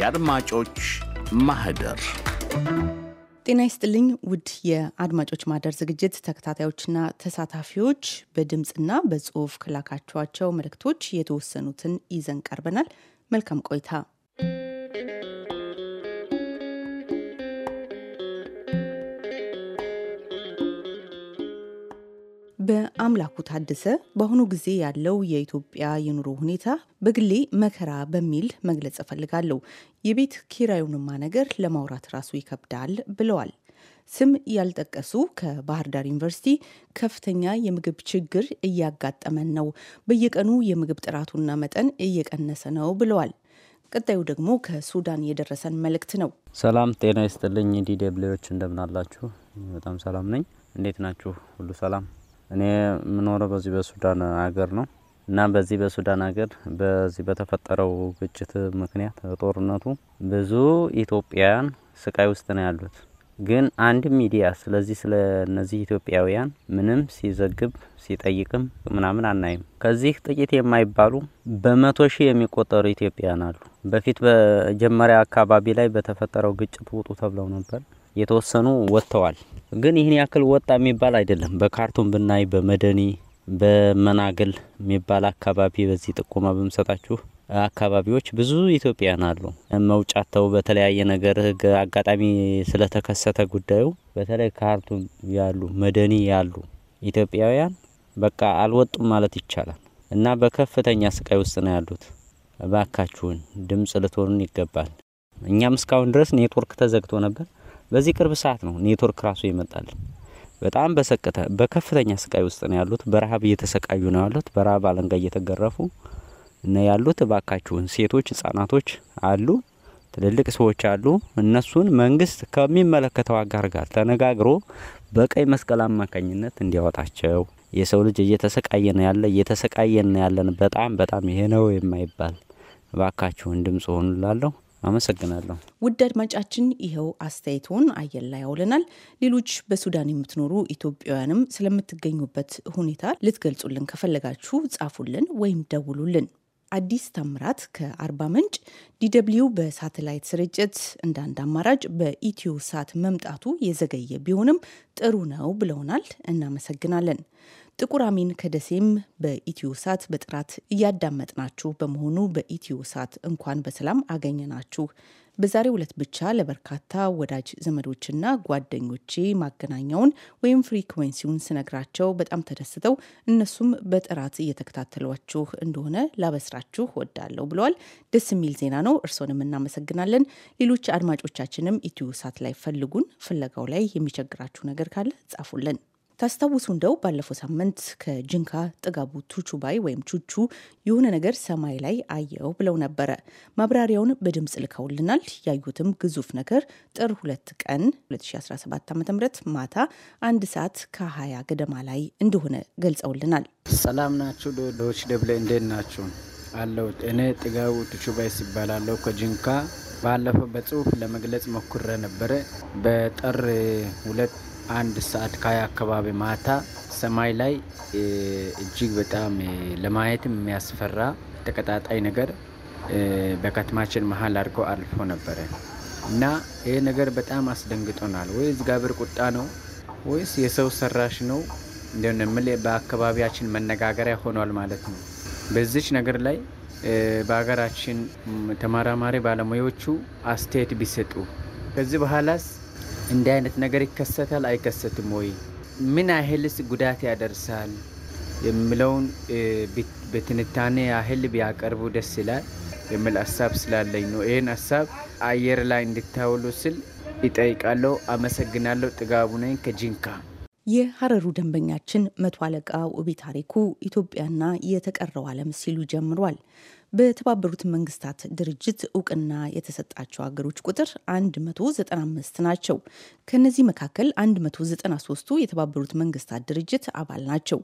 የአድማጮች ማህደር ጤና ይስጥልኝ ውድ የአድማጮች ማህደር ዝግጅት ተከታታዮችና ተሳታፊዎች በድምፅና በጽሁፍ ከላካችኋቸው መልእክቶች የተወሰኑትን ይዘን ቀርበናል። መልካም ቆይታ። በአምላኩ ታደሰ በአሁኑ ጊዜ ያለው የኢትዮጵያ የኑሮ ሁኔታ በግሌ መከራ በሚል መግለጽ እፈልጋለሁ። የቤት ኪራዩንማ ነገር ለማውራት ራሱ ይከብዳል ብለዋል። ስም ያልጠቀሱ ከባህር ዳር ዩኒቨርሲቲ ከፍተኛ የምግብ ችግር እያጋጠመን ነው፣ በየቀኑ የምግብ ጥራቱና መጠን እየቀነሰ ነው ብለዋል። ቀጣዩ ደግሞ ከሱዳን የደረሰን መልእክት ነው። ሰላም ጤና ይስጥልኝ ዲደብሊዎች እንደምናላችሁ። በጣም ሰላም ነኝ። እንዴት ናችሁ? ሁሉ ሰላም እኔ የምኖረው በዚህ በሱዳን ሀገር ነው እና በዚህ በሱዳን ሀገር በዚህ በተፈጠረው ግጭት ምክንያት ጦርነቱ ብዙ ኢትዮጵያውያን ስቃይ ውስጥ ነው ያሉት። ግን አንድ ሚዲያ ስለዚህ ስለ እነዚህ ኢትዮጵያውያን ምንም ሲዘግብ ሲጠይቅም ምናምን አናይም። ከዚህ ጥቂት የማይባሉ በመቶ ሺህ የሚቆጠሩ ኢትዮጵያውያን አሉ። በፊት በመጀመሪያ አካባቢ ላይ በተፈጠረው ግጭት ውጡ ተብለው ነበር። የተወሰኑ ወጥተዋል። ግን ይህን ያክል ወጣ የሚባል አይደለም። በካርቱም ብናይ፣ በመደኒ በመናገል የሚባል አካባቢ በዚህ ጥቆማ በምሰጣችሁ አካባቢዎች ብዙ ኢትዮጵያን አሉ። መውጫተው በተለያየ ነገር አጋጣሚ ስለተከሰተ ጉዳዩ በተለይ ካርቱም ያሉ መደኒ ያሉ ኢትዮጵያውያን በቃ አልወጡም ማለት ይቻላል እና በከፍተኛ ስቃይ ውስጥ ነው ያሉት። እባካችሁን ድምፅ ልትሆኑን ይገባል። እኛም እስካሁን ድረስ ኔትወርክ ተዘግቶ ነበር። በዚህ ቅርብ ሰዓት ነው ኔትወርክ ራሱ ይመጣልን። በጣም በሰቀተ በከፍተኛ ስቃይ ውስጥ ነው ያሉት። በረሃብ እየተሰቃዩ ነው ያሉት። በረሃብ አለንጋ እየተገረፉ ነው ያሉት። እባካችሁን ሴቶች፣ ህጻናቶች አሉ፣ ትልልቅ ሰዎች አሉ። እነሱን መንግስት ከሚመለከተው አጋር ጋር ተነጋግሮ በቀይ መስቀል አማካኝነት እንዲያወጣቸው የሰው ልጅ እየተሰቃየ ነው ያለ እየተሰቃየ ነው ያለን። በጣም በጣም ይሄ ነው የማይባል እባካችሁን ድምጽ ሆኑላለሁ። አመሰግናለሁ። ውድ አድማጫችን፣ ይኸው አስተያየትዎን አየር ላይ ያውለናል። ሌሎች በሱዳን የምትኖሩ ኢትዮጵያውያንም ስለምትገኙበት ሁኔታ ልትገልጹልን ከፈለጋችሁ ጻፉልን ወይም ደውሉልን። አዲስ ታምራት ከአርባ ምንጭ ዲደብሊው በሳተላይት ስርጭት እንደ አንድ አማራጭ በኢትዮ ሳት መምጣቱ የዘገየ ቢሆንም ጥሩ ነው ብለውናል። እናመሰግናለን። ጥቁር አሚን ከደሴም በኢትዮ ሳት በጥራት እያዳመጥናችሁ በመሆኑ በኢትዮ ሳት እንኳን በሰላም አገኘናችሁ። በዛሬ ዕለት ብቻ ለበርካታ ወዳጅ ዘመዶችና ጓደኞቼ ማገናኛውን ወይም ፍሪኩዌንሲውን ስነግራቸው በጣም ተደስተው እነሱም በጥራት እየተከታተሏችሁ እንደሆነ ላበስራችሁ ወዳለሁ ብለዋል። ደስ የሚል ዜና ነው። እርስዎንም እናመሰግናለን። ሌሎች አድማጮቻችንም ኢትዮ ሳት ላይ ፈልጉን። ፍለጋው ላይ የሚቸግራችሁ ነገር ካለ ጻፉልን። ታስታውሱ እንደው ባለፈው ሳምንት ከጅንካ ጥጋቡ ቱቹ ወይም ቹቹ የሆነ ነገር ሰማይ ላይ አየው ብለው ነበረ። ማብራሪያውን በድምፅ ልከውልናል። ያዩትም ግዙፍ ነገር ጥር ሁለት ቀን 2017 ዓ ም ማታ አንድ ሰዓት ከ20 ገደማ ላይ እንደሆነ ገልጸውልናል። ሰላም ናችሁ ዶች ደብለ እንዴት ናችሁ? አለው እኔ ጥጋቡ ቱቹ ሲባላለው ከጅንካ ባለፈው በጽሁፍ ለመግለጽ ሞክረ ነበረ። በጥር ሁለት አንድ ሰዓት ከሀያ አካባቢ ማታ ሰማይ ላይ እጅግ በጣም ለማየት የሚያስፈራ ተቀጣጣይ ነገር በከተማችን መሀል አድርገው አልፎ ነበረ እና ይሄ ነገር በጣም አስደንግጦናል። ወይ እግዚአብሔር ቁጣ ነው ወይስ የሰው ሰራሽ ነው እንደሆነ ምል በአካባቢያችን መነጋገሪያ ሆኗል ማለት ነው። በዚች ነገር ላይ በሀገራችን ተመራማሪ ባለሙያዎቹ አስተያየት ቢሰጡ ከዚህ በኋላስ እንዲህ አይነት ነገር ይከሰታል አይከሰትም ወይ፣ ምን ያህልስ ጉዳት ያደርሳል የሚለውን በትንታኔ ያህል ቢያቀርቡ ደስ ይላል የሚል ሀሳብ ስላለኝ ነው። ይህን ሀሳብ አየር ላይ እንድታውሉ ስል ይጠይቃለሁ። አመሰግናለሁ። ጥጋቡ ነኝ ከጂንካ የሐረሩ ደንበኛችን መቶ አለቃ ውቤ ታሪኩ ኢትዮጵያና የተቀረው ዓለም ሲሉ ጀምሯል። በተባበሩት መንግስታት ድርጅት እውቅና የተሰጣቸው ሀገሮች ቁጥር 195 ናቸው። ከነዚህ መካከል 193ቱ የተባበሩት መንግስታት ድርጅት አባል ናቸው።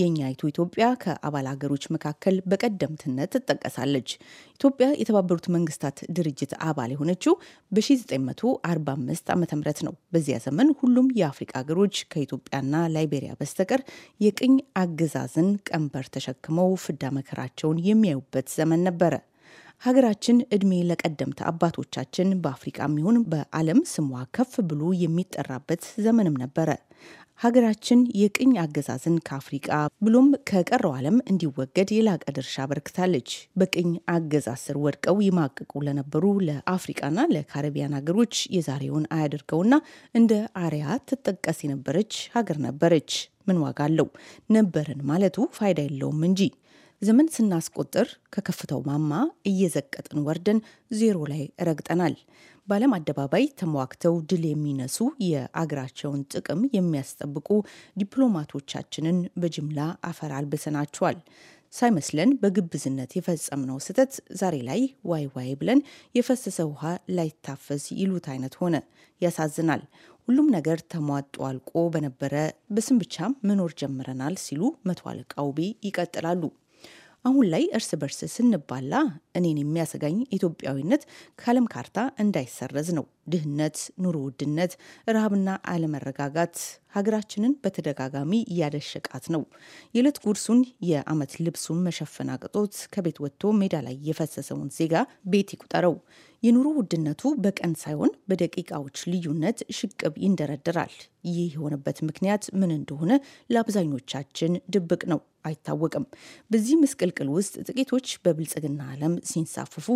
የእኛይቱ ኢትዮጵያ ከአባል ሀገሮች መካከል በቀደምትነት ትጠቀሳለች። ኢትዮጵያ የተባበሩት መንግስታት ድርጅት አባል የሆነችው በ1945 ዓ ም ነው። በዚያ ዘመን ሁሉም የአፍሪቃ ሀገሮች ከኢትዮጵያና ላይቤሪያ በስተቀር የቅኝ አገዛዝን ቀንበር ተሸክመው ፍዳ መከራቸውን የሚያዩበት ዘመን ነበረ። ሀገራችን እድሜ ለቀደምት አባቶቻችን በአፍሪቃ ይሁን በዓለም ስሟ ከፍ ብሎ የሚጠራበት ዘመንም ነበረ። ሀገራችን የቅኝ አገዛዝን ከአፍሪቃ ብሎም ከቀረው ዓለም እንዲወገድ የላቀ ድርሻ አበርክታለች። በቅኝ አገዛዝ ስር ወድቀው ይማቅቁ ለነበሩ ለአፍሪቃና ለካሪቢያን ሀገሮች የዛሬውን አያድርገውና እንደ አሪያ ትጠቀስ የነበረች ሀገር ነበረች። ምን ዋጋ አለው? ነበርን ማለቱ ፋይዳ የለውም እንጂ ዘመን ስናስቆጥር ከከፍተው ማማ እየዘቀጥን ወርደን ዜሮ ላይ ረግጠናል። በዓለም አደባባይ ተሟግተው ድል የሚነሱ የአገራቸውን ጥቅም የሚያስጠብቁ ዲፕሎማቶቻችንን በጅምላ አፈር አልብሰናቸዋል። ሳይመስለን በግብዝነት የፈጸምነው ስህተት ዛሬ ላይ ዋይ ዋይ ብለን የፈሰሰ ውሃ ላይታፈስ ይሉት አይነት ሆነ። ያሳዝናል። ሁሉም ነገር ተሟጦ አልቆ በነበረ በስም ብቻም መኖር ጀምረናል ሲሉ መቶ አለቃ ውቤ ይቀጥላሉ። አሁን ላይ እርስ በርስ ስንባላ እኔን የሚያሰጋኝ ኢትዮጵያዊነት ከዓለም ካርታ እንዳይሰረዝ ነው። ድህነት፣ ኑሮ ውድነት፣ ረሃብና አለመረጋጋት ሀገራችንን በተደጋጋሚ እያደሸቃት ነው። የዕለት ጉርሱን የዓመት ልብሱን መሸፈን አቅጦት ከቤት ወጥቶ ሜዳ ላይ የፈሰሰውን ዜጋ ቤት ይቁጠረው። የኑሮ ውድነቱ በቀን ሳይሆን በደቂቃዎች ልዩነት ሽቅብ ይንደረደራል። ይህ የሆነበት ምክንያት ምን እንደሆነ ለአብዛኞቻችን ድብቅ ነው፣ አይታወቅም። በዚህ ምስቅልቅል ውስጥ ጥቂቶች በብልጽግና ዓለም ሲንሳፈፉ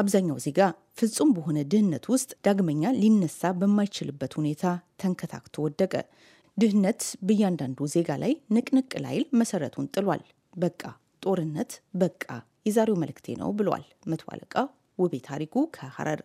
አብዛኛው ዜጋ ፍጹም በሆነ ድህነት ውስጥ ዳግመኛ ሊነሳ በማይችልበት ሁኔታ ተንከታክቶ ወደቀ። ድህነት በእያንዳንዱ ዜጋ ላይ ንቅንቅ ላይል መሰረቱን ጥሏል። በቃ ጦርነት በቃ የዛሬው መልእክቴ ነው ብሏል መቶ አለቃ ውቤ ታሪኩ ከሐረር።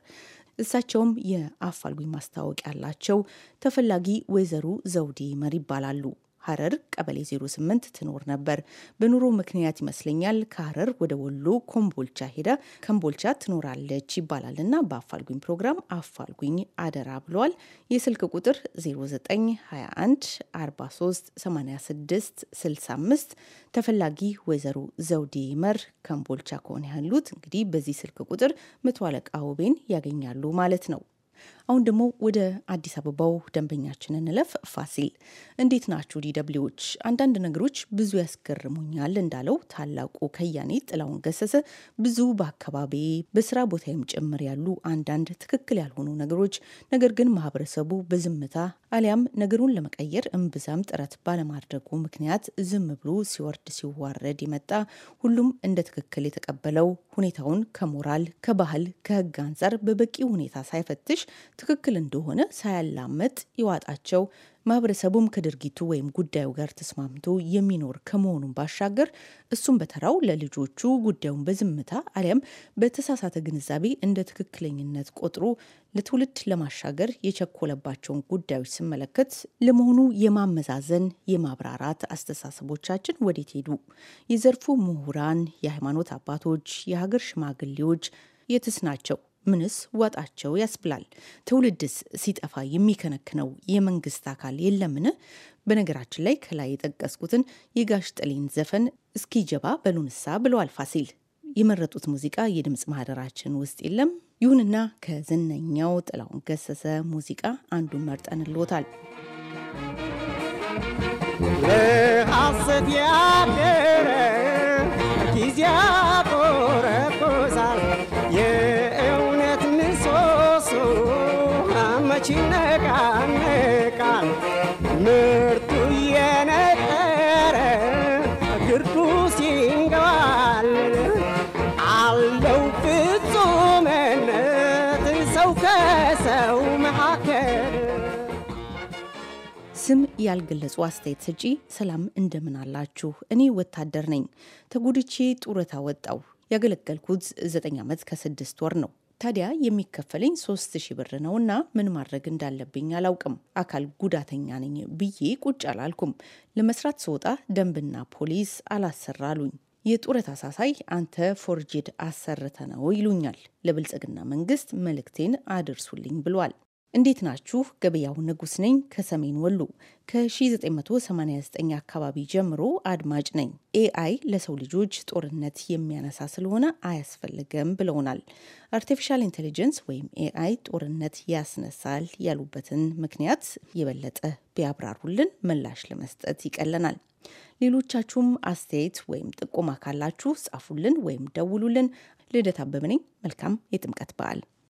እሳቸውም የአፋልጉኝ ማስታወቂያ ያላቸው ተፈላጊ ወይዘሮ ዘውዴ መር ይባላሉ። ሀረር ቀበሌ 08 ትኖር ነበር። በኑሮ ምክንያት ይመስለኛል ከሀረር ወደ ወሎ ኮምቦልቻ ሄዳ ከምቦልቻ ትኖራለች ይባላል እና በአፋልጉኝ ፕሮግራም አፋልጉኝ አደራ ብሏል የስልክ ቁጥር 0921 43 86 65 ተፈላጊ ወይዘሮ ዘውዴ ይመር ከምቦልቻ ከሆነ ያሉት እንግዲህ በዚህ ስልክ ቁጥር መቶ አለቃ ውቤን ያገኛሉ ማለት ነው። አሁን ደግሞ ወደ አዲስ አበባው ደንበኛችን እንለፍ። ፋሲል እንዴት ናችሁ ዲደብሊዎች? አንዳንድ ነገሮች ብዙ ያስገርሙኛል እንዳለው ታላቁ ከያኔ ጥላውን ገሰሰ ብዙ በአካባቢ በስራ ቦታም ጭምር ያሉ አንዳንድ ትክክል ያልሆኑ ነገሮች ነገር ግን ማህበረሰቡ በዝምታ አሊያም ነገሩን ለመቀየር እምብዛም ጥረት ባለማድረጉ ምክንያት ዝም ብሎ ሲወርድ ሲዋረድ የመጣ ሁሉም እንደ ትክክል የተቀበለው ሁኔታውን ከሞራል ከባህል ከህግ አንጻር በበቂ ሁኔታ ሳይፈትሽ ትክክል እንደሆነ ሳያላመጥ ይዋጣቸው። ማህበረሰቡም ከድርጊቱ ወይም ጉዳዩ ጋር ተስማምቶ የሚኖር ከመሆኑን ባሻገር እሱም በተራው ለልጆቹ ጉዳዩን በዝምታ አሊያም በተሳሳተ ግንዛቤ እንደ ትክክለኝነት ቆጥሮ ለትውልድ ለማሻገር የቸኮለባቸውን ጉዳዮች ስመለከት፣ ለመሆኑ የማመዛዘን የማብራራት አስተሳሰቦቻችን ወዴት ሄዱ? የዘርፉ ምሁራን፣ የሃይማኖት አባቶች፣ የሀገር ሽማግሌዎች የትስ ናቸው? ምንስ ዋጣቸው ያስብላል። ትውልድስ ሲጠፋ የሚከነክነው የመንግስት አካል የለምን? በነገራችን ላይ ከላይ የጠቀስኩትን የጋሽ ጥሌን ዘፈን እስኪጀባ በሉንሳ ብለዋል ፋሲል። የመረጡት ሙዚቃ የድምፅ ማህደራችን ውስጥ የለም። ይሁንና ከዝነኛው ጥላውን ገሰሰ ሙዚቃ አንዱን መርጠን ልዎታል። ሐሰት ያደረ ጊዜያ መች ነቃነቃል ምርቱ የነጠረ ግርዱ ሲንገባል አለው ፍጹምነት ሰው ከሰው መካከል ስም ያልገለጹ አስተያየት ሰጪ ሰላም እንደምን አላችሁ? እኔ ወታደር ነኝ። ተጎድቼ ጡረታ ወጣው። ያገለገልኩት ዘጠኝ ዓመት ከስድስት ወር ነው። ታዲያ የሚከፈለኝ ሶስት ሺህ ብር እና ምን ማድረግ እንዳለብኝ አላውቅም። አካል ጉዳተኛ ነኝ ብዬ ቁጭ አላልኩም። ለመስራት ስወጣ ደንብና ፖሊስ አላሰራ አሉኝ። የጡረት አሳሳይ አንተ ፎርጅድ አሰርተ ነው ይሉኛል። ለብልጽግና መንግስት መልእክቴን አድርሱልኝ ብሏል። እንዴት ናችሁ? ገበያው ንጉስ ነኝ ከሰሜን ወሎ። ከ1989 አካባቢ ጀምሮ አድማጭ ነኝ። ኤአይ ለሰው ልጆች ጦርነት የሚያነሳ ስለሆነ አያስፈልገም ብለውናል። አርቲፊሻል ኢንቴሊጀንስ ወይም ኤአይ ጦርነት ያስነሳል ያሉበትን ምክንያት የበለጠ ቢያብራሩልን ምላሽ ለመስጠት ይቀለናል። ሌሎቻችሁም አስተያየት ወይም ጥቆማ ካላችሁ ጻፉልን ወይም ደውሉልን። ልደት አበበ ነኝ። መልካም የጥምቀት በዓል